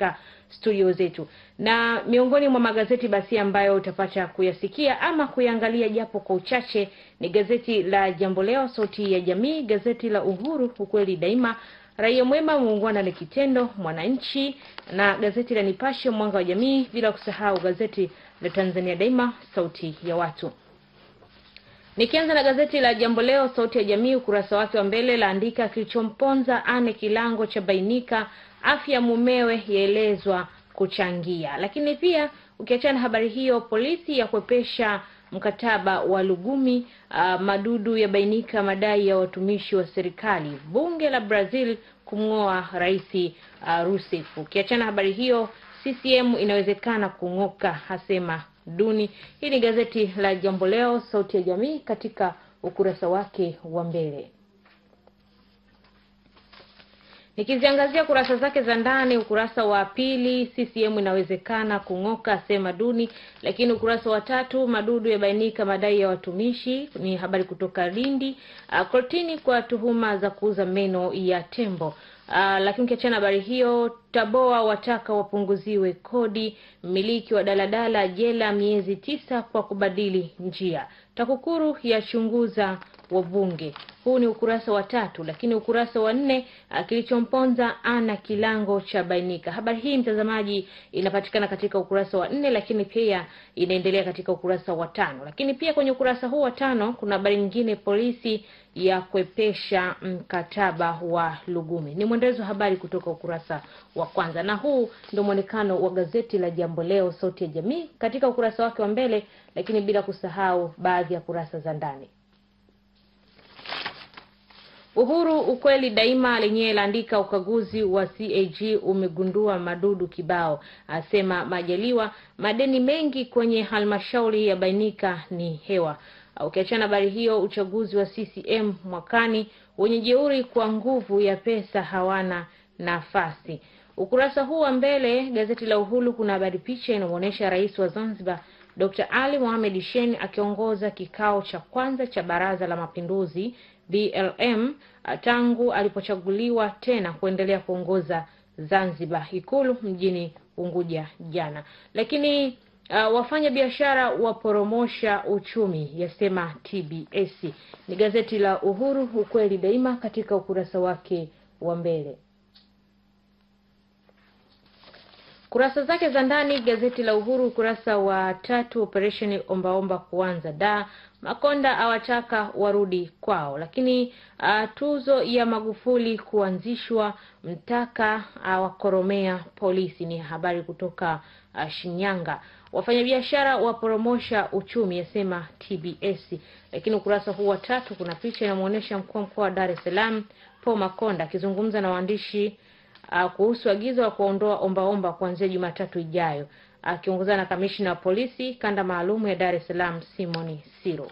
katika studio zetu, na miongoni mwa magazeti basi ambayo utapata kuyasikia ama kuyaangalia japo kwa uchache ni gazeti la Jambo Leo, Sauti ya Jamii, gazeti la Uhuru, Ukweli Daima, Raia Mwema, Muungwana ni Kitendo, Mwananchi na gazeti la Nipashe, Mwanga wa Jamii, bila kusahau gazeti la Tanzania Daima, Sauti ya Watu. Nikianza na gazeti la Jambo Leo Sauti ya Jamii, ukurasa wake wa mbele laandika kilichomponza Anne Kilango cha bainika, afya mumewe yaelezwa kuchangia. Lakini pia ukiachana na habari hiyo, polisi ya kuepesha mkataba wa Lugumi, uh, ah, madudu yabainika madai ya watumishi wa serikali, bunge la Brazil kumng'oa rais uh, ah, Rousseff. Ukiachana habari hiyo, CCM inawezekana kung'oka, hasema duni. Hii ni gazeti la Jambo Leo, sauti ya jamii, katika ukurasa wake wa mbele. Nikiziangazia kurasa zake za ndani, ukurasa wa pili CCM inawezekana kung'oka, asema Duni. Lakini ukurasa wa tatu, madudu yabainika madai ya watumishi, ni habari kutoka Lindi. Uh, kortini kwa tuhuma za kuuza meno ya tembo. Uh, lakini ukiachana habari hiyo, Taboa wataka wapunguziwe kodi, mmiliki wa daladala jela miezi tisa kwa kubadili njia, TAKUKURU yachunguza wabunge huu ni ukurasa wa tatu, lakini ukurasa wa nne ah, kilichomponza Ana Kilango cha bainika. Habari hii mtazamaji, inapatikana katika ukurasa wa nne, lakini pia inaendelea katika ukurasa wa tano. Lakini pia kwenye ukurasa huu wa tano kuna habari nyingine, polisi ya kuepesha mkataba wa Lugumi. Ni mwendelezo wa habari kutoka ukurasa wa kwanza, na huu ndio mwonekano wa gazeti la Jambo Leo, sauti ya jamii, katika ukurasa wake wa mbele, lakini bila kusahau baadhi ya kurasa za ndani. Uhuru Ukweli Daima lenyewe laandika ukaguzi wa CAG umegundua madudu kibao, asema Majaliwa. Madeni mengi kwenye halmashauri yabainika ni hewa. Ukiachana habari hiyo, uchaguzi wa CCM mwakani wenye jeuri kwa nguvu ya pesa hawana nafasi. Ukurasa huu wa mbele gazeti la Uhuru kuna habari, picha inaonyesha rais wa Zanzibar Dr. Ali Mohamed Shein akiongoza kikao cha kwanza cha Baraza la Mapinduzi BLM tangu alipochaguliwa tena kuendelea kuongoza Zanzibar Ikulu mjini Unguja jana. Lakini uh, wafanya biashara waporomosha uchumi, yasema TBS. Ni gazeti la Uhuru, ukweli daima, katika ukurasa wake wa mbele. Kurasa zake za ndani, gazeti la Uhuru ukurasa wa tatu, operesheni ombaomba kuanza da Makonda awataka warudi kwao. Lakini uh, tuzo ya Magufuli kuanzishwa, mtaka awakoromea uh, polisi. Ni habari kutoka uh, Shinyanga. Wafanyabiashara waporomosha uchumi, yasema TBS. Lakini ukurasa huu wa tatu kuna picha inamwonyesha mkuu wa mkoa wa Dar es Salaam Makonda akizungumza na waandishi uh, kuhusu agizo la kuondoa ombaomba kuanzia Jumatatu ijayo, ah, akiongozana uh, na kamishina wa polisi kanda maalumu ya Dar es Salaam Simoni Siro.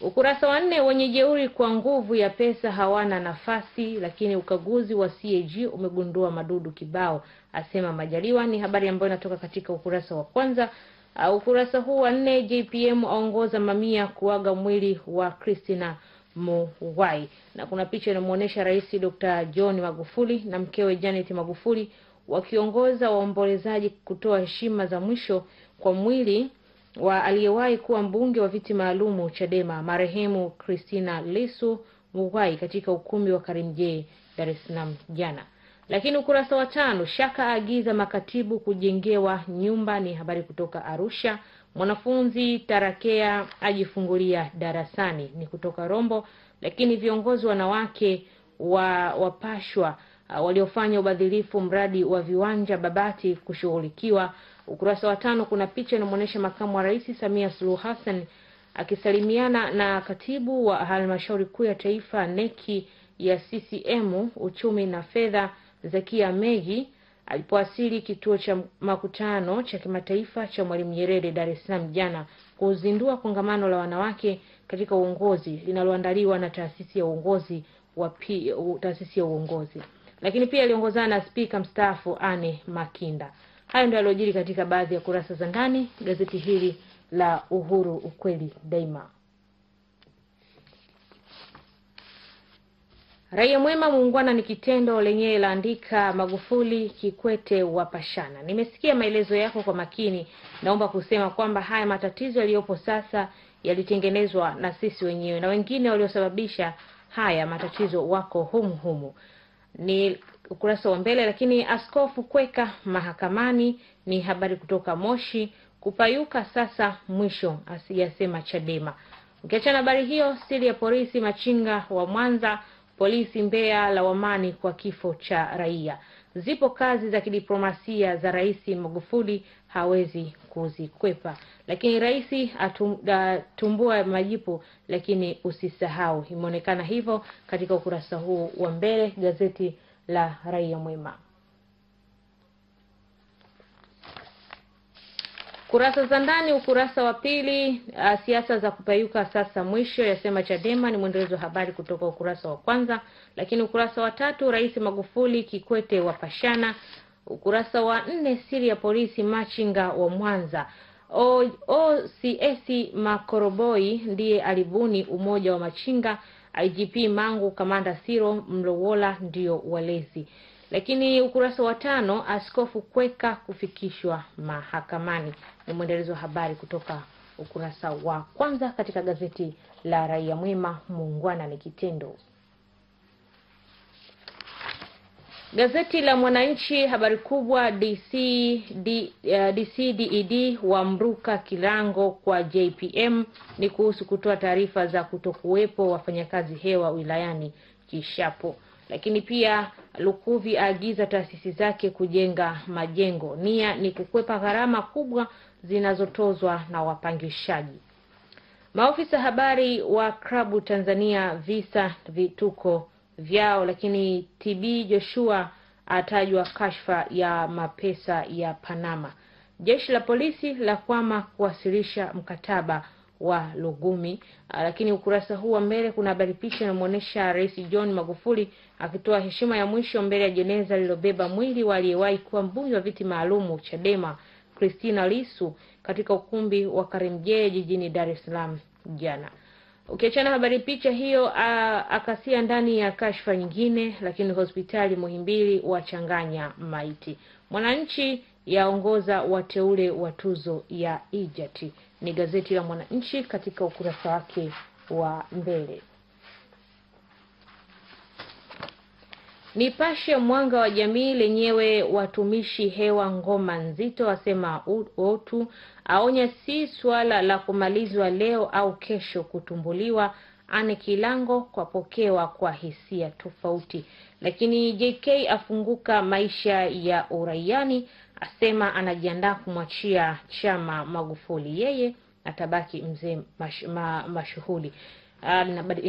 Ukurasa wanne wenye jeuri kwa nguvu ya pesa hawana nafasi, lakini ukaguzi wa CAG umegundua madudu kibao, asema Majaliwa. Ni habari ambayo inatoka katika ukurasa wa kwanza. Uh, ukurasa huu wa nne, JPM aongoza mamia kuaga mwili wa kristina Muwai, Na kuna picha inamwonyesha Rais Dr. John Magufuli na mkewe Janet Magufuli wakiongoza waombolezaji kutoa heshima za mwisho kwa mwili wa aliyewahi kuwa mbunge wa viti maalumu Chadema marehemu Christina Lisu muwai katika ukumbi wa Karimjee, Dar es Salaam jana. Lakini ukurasa wa tano, Shaka aagiza makatibu kujengewa nyumba, ni habari kutoka Arusha. Mwanafunzi tarakea ajifungulia darasani ni kutoka Rombo, lakini viongozi wanawake wa wapashwa uh, waliofanya ubadhilifu mradi wa viwanja Babati kushughulikiwa. Ukurasa wa tano kuna picha inamwonyesha makamu wa rais Samia Suluhu Hassan akisalimiana na katibu wa halmashauri kuu ya taifa neki ya CCM uchumi na fedha Zakia Megi Alipowasili kituo cha makutano cha kimataifa cha Mwalimu Nyerere Dar es Salaam jana kuzindua kongamano la wanawake katika uongozi linaloandaliwa na taasisi ya uongozi wa P, taasisi ya uongozi lakini pia aliongozana na spika mstaafu Anne Makinda. Hayo ndio yaliyojiri katika baadhi ya kurasa za ndani gazeti hili la Uhuru, ukweli daima. Raia mwema muungwana ni kitendo lenyewe laandika Magufuli Kikwete wapashana. Nimesikia maelezo yako kwa makini. Naomba kusema kwamba haya matatizo yaliyopo sasa yalitengenezwa na sisi wenyewe na wengine waliosababisha haya matatizo wako humu humu. Ni ukurasa wa mbele. Lakini Askofu Kweka mahakamani ni habari kutoka Moshi. Kupayuka sasa mwisho asiyasema Chadema. Ukiachana habari hiyo, siri ya polisi machinga wa Mwanza Polisi Mbeya lawamani kwa kifo cha raia. Zipo kazi za kidiplomasia za Rais Magufuli hawezi kuzikwepa, lakini rais atumbua majipu, lakini usisahau. Imeonekana hivyo katika ukurasa huu wa mbele gazeti la Raia Mwema. Kurasa za ndani, ukurasa wa pili. Uh, siasa za kupayuka sasa mwisho, yasema Chadema. Ni mwendelezo wa habari kutoka ukurasa wa kwanza, lakini ukurasa wa tatu, Rais Magufuli Kikwete wapashana. Ukurasa wa nne, siri ya polisi machinga wa Mwanza. OCS Makoroboi ndiye alibuni umoja wa machinga. IGP Mangu, kamanda Siro Mlowola ndio walezi lakini ukurasa wa tano, Askofu Kweka kufikishwa mahakamani, ni mwendelezo wa habari kutoka ukurasa wa kwanza katika gazeti la Raia Mwema, muungwana ni kitendo. Gazeti la Mwananchi habari kubwa DC, uh, eh, DC DED wamruka kilango kwa JPM ni kuhusu kutoa taarifa za kutokuwepo wafanyakazi hewa wilayani Kishapo lakini pia Lukuvi aagiza taasisi zake kujenga majengo. Nia ni kukwepa gharama kubwa zinazotozwa na wapangishaji. Maofisa habari wa klabu Tanzania visa vituko vyao, lakini TB Joshua atajwa kashfa ya mapesa ya Panama. Jeshi la polisi la kwama kuwasilisha mkataba wa Lugumi. Ah, lakini ukurasa huu wa mbele kuna habari picha inamwonyesha Rais John Magufuli akitoa heshima ya mwisho mbele ya jeneza lilobeba mwili wa aliyewahi kuwa mbunge wa viti maalumu Chadema Christina Lisu katika ukumbi wa Karimjee jijini Dar es Salaam jana. Ukiachana habari picha hiyo, a, ah, akasia ndani ya kashfa nyingine, lakini hospitali Muhimbili wachanganya maiti. Mwananchi yaongoza wateule wa tuzo ya IJAT. Ni gazeti la Mwananchi katika ukurasa wake wa mbele. Nipashe Mwanga wa Jamii lenyewe watumishi hewa ngoma nzito, asema Otu, aonya si suala la kumalizwa leo au kesho kutumbuliwa. Ane Kilango kwa pokewa kwa hisia tofauti, lakini JK afunguka maisha ya uraiani, asema anajiandaa kumwachia chama Magufuli, yeye atabaki mzee mash, ma, mashuhuli. Ah,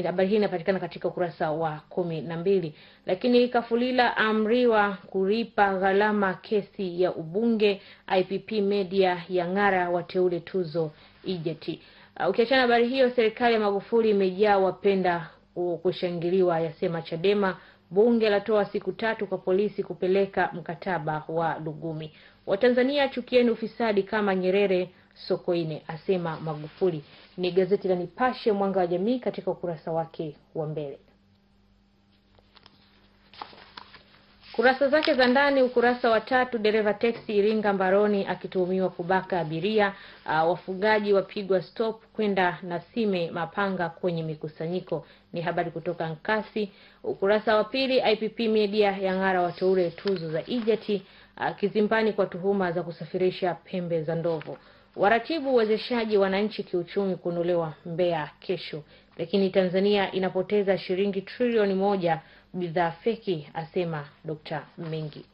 habari hii inapatikana katika ukurasa wa kumi na mbili. Lakini Kafulila amriwa kulipa gharama kesi ya ubunge. IPP Media ya ng'ara wateule tuzo Ijeti. Ah, ukiachana habari hiyo, serikali ya Magufuli imejaa wapenda uh, kushangiliwa, yasema Chadema. Bunge latoa siku tatu kwa polisi kupeleka mkataba wa Lugumi. Watanzania, chukieni ufisadi kama Nyerere, Sokoine asema Magufuli. Ni gazeti la Nipashe mwanga wa jamii katika ukurasa wake wa mbele. Kurasa zake za ndani, ukurasa wa tatu, dereva teksi Iringa mbaroni akituhumiwa kubaka abiria. Uh, wafugaji wapigwa stop kwenda na sime Mapanga kwenye mikusanyiko, ni habari kutoka Nkasi. Ukurasa wa pili, IPP Media yang'ara wateule tuzo za Ijeti, uh, kizimbani kwa tuhuma za kusafirisha pembe za ndovu. Waratibu uwezeshaji wananchi kiuchumi kununuliwa mbea kesho, lakini Tanzania inapoteza shilingi trilioni moja bidhaa feki, asema Dr. Mengi.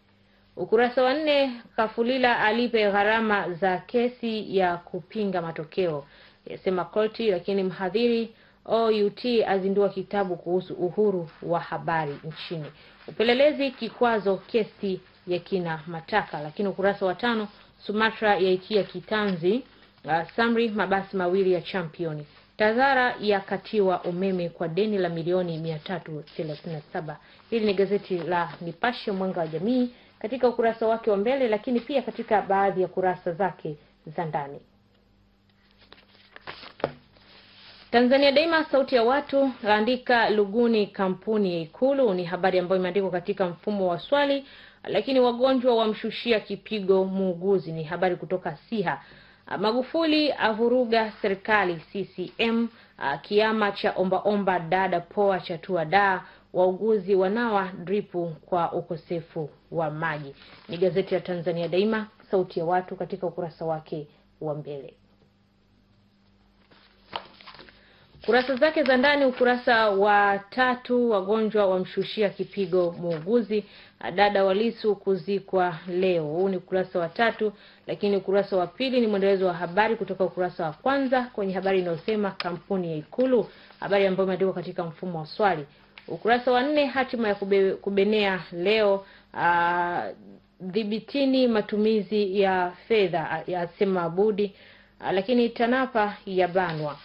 Ukurasa wa nne, Kafulila alipe gharama za kesi ya kupinga matokeo, yasema koti. Lakini mhadhiri OUT azindua kitabu kuhusu uhuru wa habari nchini. Upelelezi kikwazo kesi ya kina Mataka. Lakini ukurasa wa tano, Sumatra yaitia kitanzi uh, samri mabasi mawili ya championi TAZARA yakatiwa umeme kwa deni la milioni 337. Hili ni gazeti la Nipashe Mwanga wa Jamii katika ukurasa wake wa mbele, lakini pia katika baadhi ya kurasa zake za ndani. Tanzania Daima, sauti ya watu, laandika luguni kampuni ya Ikulu. Ni habari ambayo imeandikwa katika mfumo wa swali, lakini wagonjwa wamshushia kipigo muuguzi. Ni habari kutoka Siha. Magufuli avuruga serikali CCM. Kiama cha ombaomba dada poa cha tuada wauguzi wanawa dripu kwa ukosefu wa maji. Ni gazeti la Tanzania Daima, sauti ya watu, katika ukurasa wake wa mbele. Kurasa zake za ndani. Ukurasa wa tatu, wagonjwa wamshushia kipigo muuguzi. Dada walisu kuzikwa leo. Huu ni ukurasa wa tatu, lakini ukurasa wa pili ni mwendelezo wa habari kutoka ukurasa wa kwanza kwenye habari inayosema kampuni ya Ikulu, habari ambayo imeandikwa katika mfumo wa swali. Ukurasa wa nne, hatima ya kube, kubenea leo. Ah, dhibitini matumizi ya fedha, yasema Abudi. Ah, lakini TANAPA yabanwa.